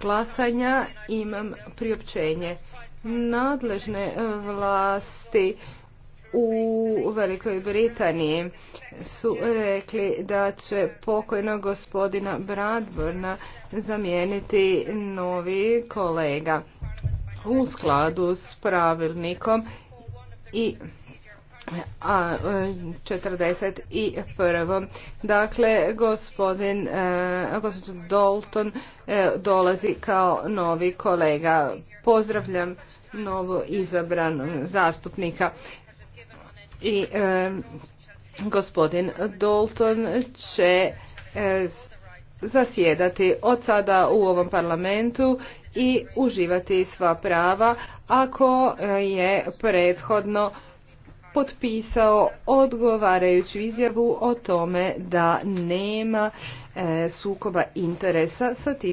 glasanja imam priopćenje. Nadležne vlasti u Velikoj Britaniji su rekli da će pokojnog gospodina Bradburna zamijeniti novi kolega u skladu s pravilnikom i a 41. E, dakle, gospodin e, gospodin Dalton e, dolazi kao novi kolega. Pozdravljam novo izabran zastupnika i gospodin Dalton će zasjedati od sada u ovom parlamentu i uživati sva prava ako je prethodno potpisao odgovarajuću izjavu o tome da nema e, sukoba interesa sa tim